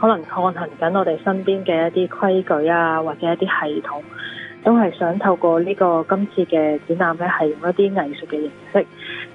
可能抗衡緊我哋身邊嘅一啲規矩啊，或者一啲系統，都係想透過呢個今次嘅展覽呢，係用一啲藝術嘅形式，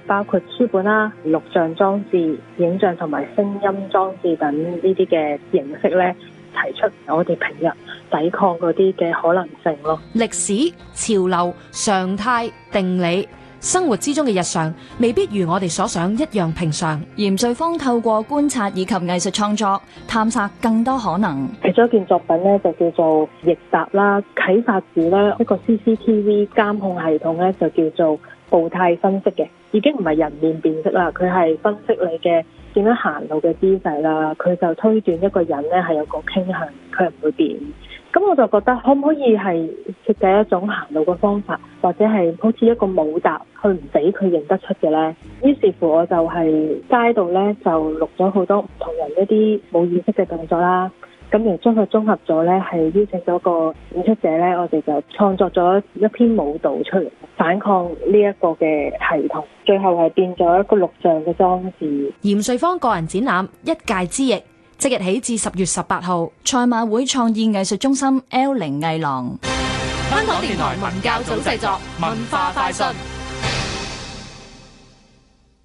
包括書本啦、啊、錄像裝置、影像同埋聲音裝置等呢啲嘅形式呢，提出我哋平日抵抗嗰啲嘅可能性咯。歷史、潮流、常態、定理。生活之中嘅日常未必如我哋所想一樣平常。嚴瑞芳透過觀察以及藝術創作，探索更多可能。其中一件作品咧就叫做《逆集》啦，啟發自咧一個 CCTV 監控系統咧就叫做步態分析嘅。已經唔係人面辨識啦，佢係分析你嘅點樣行路嘅姿勢啦，佢就推斷一個人咧係有個傾向，佢唔會變。咁我就覺得可唔可以係設計一種行路嘅方法，或者係好似一個舞蹈，佢唔俾佢認得出嘅咧？於是乎我就係街度咧就錄咗好多唔同人一啲冇意識嘅動作啦。咁而將佢綜合咗咧，係邀請咗個演出者咧，我哋就創作咗一篇舞蹈出嚟，反抗呢一個嘅系統。最後係變咗一個錄像嘅裝置。嚴瑞芳個人展覽《一介之役》，即日起至十月十八號，賽馬會創意藝術中心 L 零藝廊。香港電台文教組製作，文化快訊。